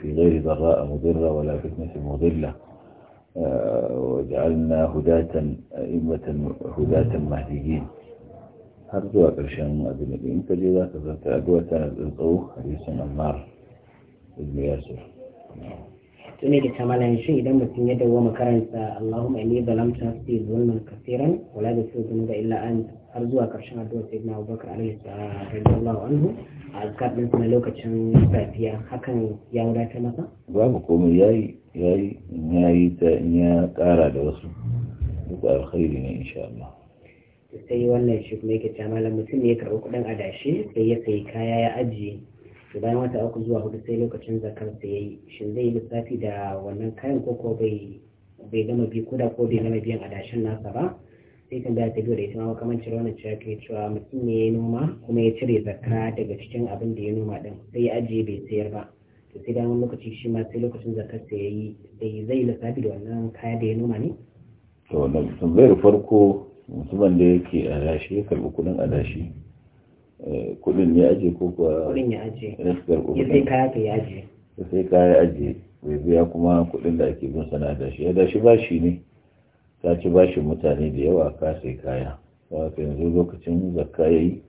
في غير ضراء مضرة ولا فتنة مضلة آه، وجعلنا هداة أئمة هداة مهديين هرزوا أكرشان مؤذن لي إنت لذا كذلك أدوة الضوء حديث النار ابن ياسر تني كمال ان شيء ده متني ده هو مكرن اللهم اني ظلمت نفسي ظلما كثيرا ولا تسوء الا انت har zuwa karshen addu'a sai na abubakar alaihi wa anhu a azkar din na lokacin safiya hakan ya wadatar masa babu komai yayi yayi yayi ta ya kara da wasu duka alkhairi ne insha Allah sai wannan shi kuma yake cewa malam mutum ne ya karɓi kuɗin adashi sai ya sayi kaya ya ajiye to bayan wata uku zuwa hudu sai lokacin zakar sa yayi shin zai yi lissafi da wannan kayan ko ko bai bai gama bi ko da ko bai gama biyan adashin nasa ba sai kan da ta biyu da ita ma makamancin wannan cewa ke cewa mutum ne ya noma kuma ya cire zakka daga cikin abin da ya noma din sai ya ajiye bai sayar ba to sai damar lokaci shi ma sai lokacin zakka sai ya yi sai zai lissafi da wannan kaya da ya noma ne. to na tambayar farko mutumin da yake adashi ya karɓi kuɗin adashi eh, kuɗin ya ajiye ko kuwa kuɗin ya ajiye ya sai kaya ka ya ajiye ya sai kaya ya ajiye bai biya kuma kuɗin da ake bin ya adashi adashi ba shi ne ka ci bashin mutane da yawa ka sai kaya saboda yanzu lokacin zakka yayi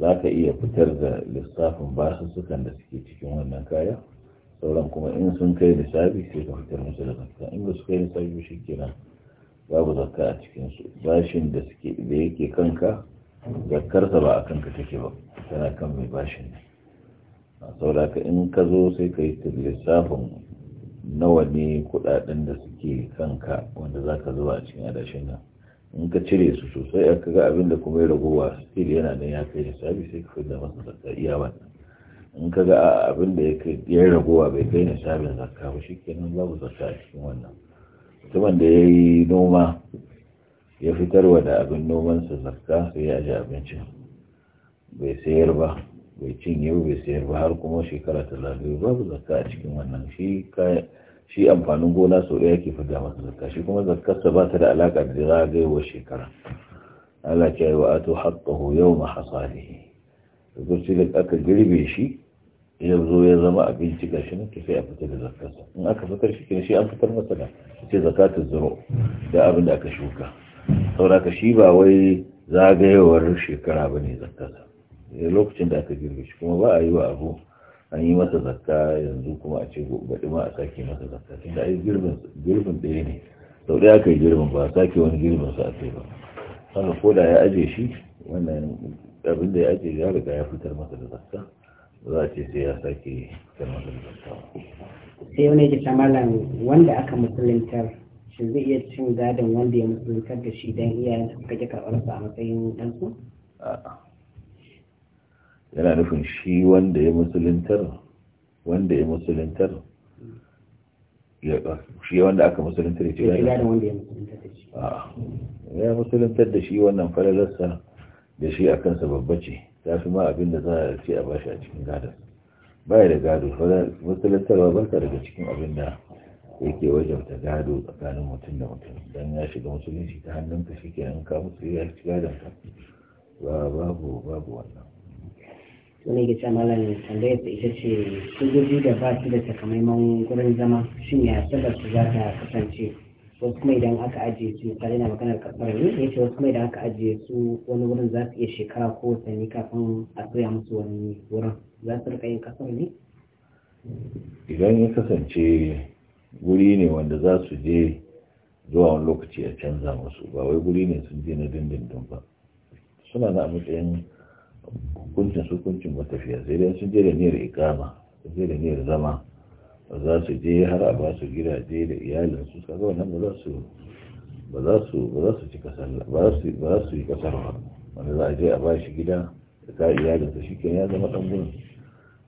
za ka iya fitar da lissafin basussukan da suke cikin wannan kaya sauran kuma in sun kai lissafi sai ka fitar musu da zakka in ba su kai lissafi shi kenan babu zakka a cikin bashin da suke da yake kanka zakkarsa ba a kanka take ba tana kan mai bashin ne saboda in ka zo sai ka yi lissafin nawa ne kudaden da suke kanka wanda za ka zuba a cikin adashin nan in ka cire su sosai a kaga abin da kuma ya ragowa still yana nan ya kai sabi sai ka da masa zakka iya ba in ka ga abin da ya yi ragowa bai kai nisabin zakka ba shi shikenan babu zakka a cikin wannan mutumin da ya yi noma ya fitarwa da abin nomansa zakka sai ya ji abincin bai sayar ba bai cinye bai sayar ba har kuma shekara ta ba babu zakka a cikin wannan shi shi amfanin gona sau ɗaya ke fada masa zakka shi kuma zakkarsa ba ta da alaƙa da zagayowar shekara Allah ce wa ato haqqahu yawma hasadihi lokaci da aka girbe shi ya zo ya zama abinci ga shi sai a fitar da zakkarsa in aka fitar shi kenan shi an fitar masa da zakka ta zuro da abin da aka shuka saboda ka shi ba wai zagayowar shekara bane zakkarsa Eh, lokacin da aka girbe shi kuma ba a yi wa abu an yi masa zakka yanzu kuma a ce baɗi ma a sake masa zakka tun da girbin ɗaya ne sau ɗaya aka yi girbin ba a sake wani girbin sa a kai ba haka ko da ya aje shi wannan abin da ya aje ya riga ya fitar masa da zakka za a ce sai ya sake fitar masa da zakka sai wani ke tamalan wanda aka musulintar shi zai iya cin gadon wanda ya musulintar da shi don iyayen suka ji karɓar sa a matsayin ɗansu? a'a yana nufin shi wanda ya musuluntar wanda ya musuluntar shi wanda aka musuluntar ya ce ya musuluntar da shi wannan falalarsa da shi a kansa babba ce ta fi ma abin da za a ce a bashi a cikin gadon baya da gado musuluntarwa ba ta daga cikin abin da yake ta gado tsakanin mutum da mutum don ya shiga musulunci ta hannunka shi nan ka musu ya ci gadon ka babu babu wannan wani ya ce tambayar da ita ce sojoji da ba su da takamaiman gurin zama shin ya sabar su za ta kasance wasu kuma idan aka ajiye su misali na maganar kasar ne ya ce wasu kuma idan aka ajiye su wani wurin za su iya shekara ko sani kafin a soya musu wani wurin za su rika yin kasar ne idan ya kasance guri ne wanda za su je zuwa wani lokaci a canza musu ba wai guri ne sun je na dindindin ba suna na matsayin hukuncin su hukuncin matafiya sai dai sun je da niyyar ikama sun je da niyyar zama ba za su je har a ba su gidaje da iyalin su kaga wannan ba za su ba za su ba za su ci kasar ba za su yi kasar ba wanda za a je a ba shi gida da ka iyalin sa kenan ya zama dan gurin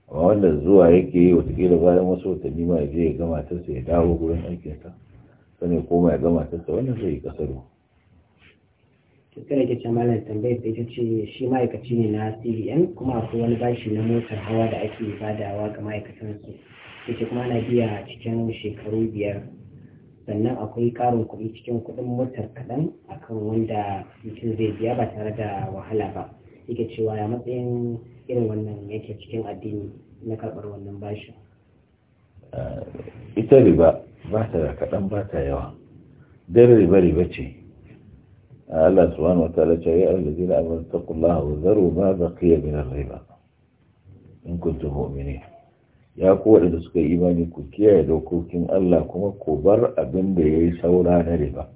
amma wanda zuwa yake yi watakila bayan wasu watanni ma ya je ya gama ta ya dawo gurin aikinsa sani koma ya gama ta wannan zai yi ba sai da malam tambayar da ita ce shi ma'aikaci ne na cbn e kuma akwai wani bashi na motar hawa da ake badawa ga ma'aikatan su yace kuma ana biya cikin shekaru biyar sannan akwai karin kuɗi cikin kuɗin motar kaɗan akan wanda mutum zai biya ba tare da wahala ba yake cewa ya matsayin irin wannan yake cikin addini na karɓar wannan bashi eh, ita riba ba ta da kaɗan ba ta yawa don riba riba ce Allah subhanahu wa ta'ala ce ya ayyuhal ladina amanu taqullaha wa zaru ma baqiya min ar-riba in kuntum mu'minin ya ku waɗanda suka yi imani ku kiyaye dokokin Allah kuma ku bar abin da yayi saura na riba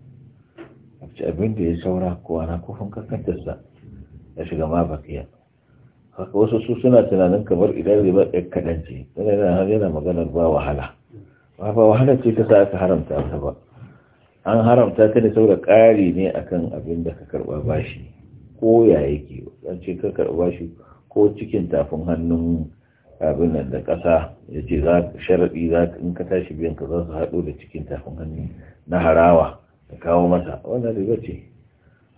ce abin da ya saura ko ana kufin kakantarsa ya shiga ma baqiya haka wasu su suna tunanin kamar idan riba ɗaya kaɗan ce yana yana maganar ba wahala ba wahala ce ta sa aka haramta ta ba an haramta ta ne saboda ƙari ne akan abin da ka karɓa bashi ko ya yake an ce ka karɓa bashi ko cikin tafin hannun abin nan da ƙasa ya ce sharaɗi za in ka tashi biyan ka za su haɗo da cikin tafin hannu na harawa da kawo masa wannan riba ce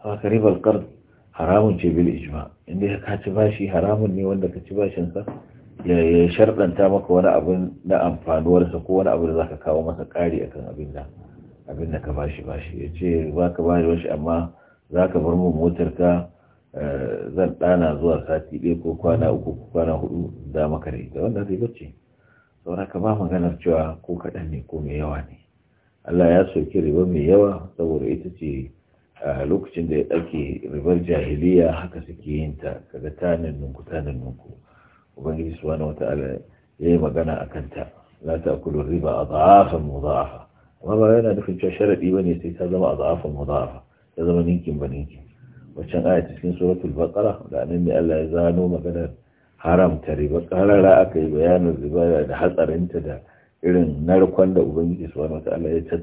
haka ribar kar haramun ce bil ijma inda ka ci bashi haramun ne wanda ka ci bashin sa ya sharɗanta maka wani abin na amfanuwarsa ko wani abin da za ka kawo masa ƙari akan abin da abin da ka bashi bashi ya ce ba ka bashi bashi amma za ka bar mun motar ka eh, zan ɗana zuwa sati ɗaya ko kwana uku ko kwana hudu da maka da ita wanda zai bacci saboda ka ba maganar cewa ko kaɗan ne ko mai yawa ne Allah ya soki riba mai yawa saboda ita ce a eh, lokacin da ya ɗauke ribar jahiliya haka suke yin ta kaga tanin nunku tanin nunku ubangiji subhanahu wataala ya yi magana akan ta la ta'kulu riba adhafan mudhafa amma ba yana nufin cewa sharaɗi ba ne sai ta zama a za'afin mudafa ta zama ninkin ba ninkin waccan aya cikin suratul baqara da annabi Allah ya zano maganar haramta riba karara aka yi bayanin riba da hatsarinta da irin narkon da ubangiji subhanahu wataala ya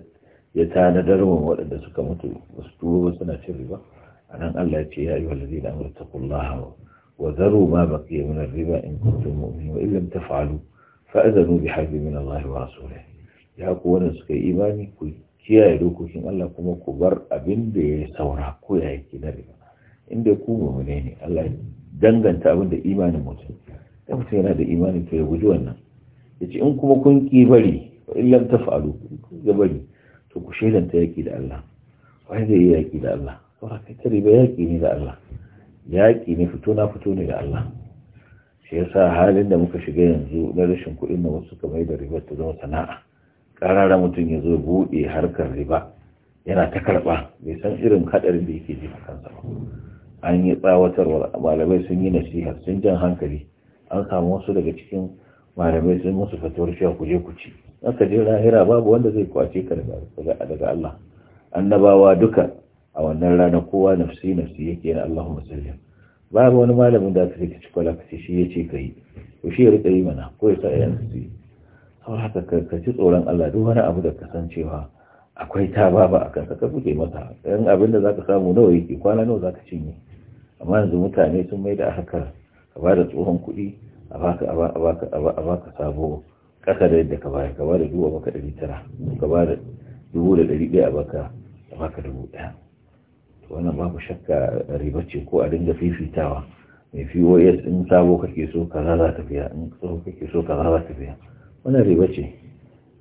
ya tanadar wa waɗanda suka mutu wasu tuwo suna cin riba a nan Allah ce ya yi wallazi da amurta kullaha wa zaru ma baqiya min riba in kuntum mu'minin wa illam taf'alu fa azanu bi harbin min Allah wa rasulih ya ku wanda suka yi imani ku kiyaye dokokin Allah kuma ku bar abin da ya saura ko ya yake na riba inda ku mummune ne Allah danganta abin da imanin mutum da mutum yana da imani to ya guji wannan ya ce in kuma kun ki bari in lam taf'alu ga bari to ku shaidanta yaki da Allah wai zai yi yaki da Allah saura kai ta riba yaki ne da Allah yaki ne fito na fito ne da Allah shi yasa halin da muka shiga yanzu na rashin kuɗin da wasu kamar da ribar ta zama sana'a karara mutum ya zo buɗe harkar riba yana ta karɓa bai san irin haɗarin da yake jefa kansa ba an yi tsawatarwar malamai sun yi nasiha sun jan hankali an samu wasu daga cikin malamai sun musu fatuwar cewa ku je ku ci aka je lahira babu wanda zai kwace ka daga Allah annabawa duka a wannan rana kowa nafsi nafsi yake na allah musulmi babu wani malamin da aka ce ka ci kwala ka ce shi yace kai shi ya rika yi mana ko ya sa ya nafsi sau haka ka ci tsoron Allah duk wani abu da kasancewa akwai ta baba a kansa ka buge masa ɗan abin da za ka samu nawa yake kwana nawa za ka cinye amma yanzu mutane sun mai da haka ka ba da tsohon kuɗi a baka sabo ƙasa da yadda ka baya ka ba da dubu a baka ɗari tara ka ba da dubu da ɗari ɗaya a baka a baka dubu ɗaya wannan babu shakka riba ce ko a dinga fifitawa mai pos in sabo kake so kaza za ta biya in tsoho kake so kaza za ta biya wannan riba ce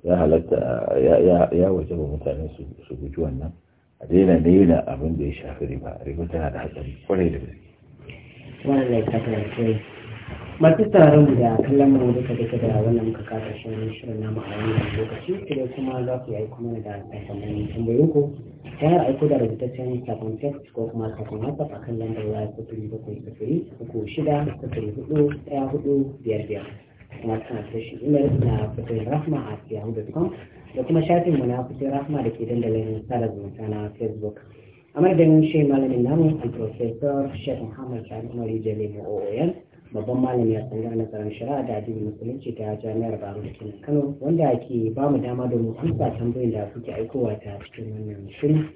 ya halatta ya waje ba mutane su guji wannan a daina daina abin da ya shafi riba riba tana da hatsari kwarai da gaske wannan ne ta kai masu taron da kallon mu duka duka da wannan muka kasa shirin shirin na a wannan lokaci sai kuma za ku yi kuma da tambayoyin tambayi ku ta yi aiko da rubutaccen sakon text ko kuma sakon whatsapp a kan lambar waya sifiri bakwai sifiri uku shida sifiri hudu ɗaya hudu biyar biyar wata ta imel na fitin rahma a yahoo.com da kuma shafin mu na fitin rahma da ke dandalin sada zumunta na facebook a madadin shi malamin namu al professor sheikh muhammad sani umar jalil oyan babban malami a tsangar nazarin shari'a da adini musulunci ta jami'ar baro da kenan kano wanda ke ba mu dama domin amsa tambayoyin da kuke aikowa ta cikin wannan shirin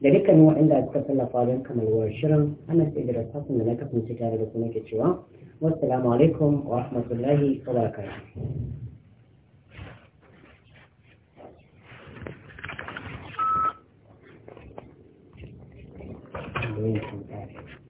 da dukkanin waɗanda suka tallafa don kamaluwar shirin ana sai da da na kasance tare da kuma ke cewa والسلام عليكم ورحمة الله وبركاته Thank you.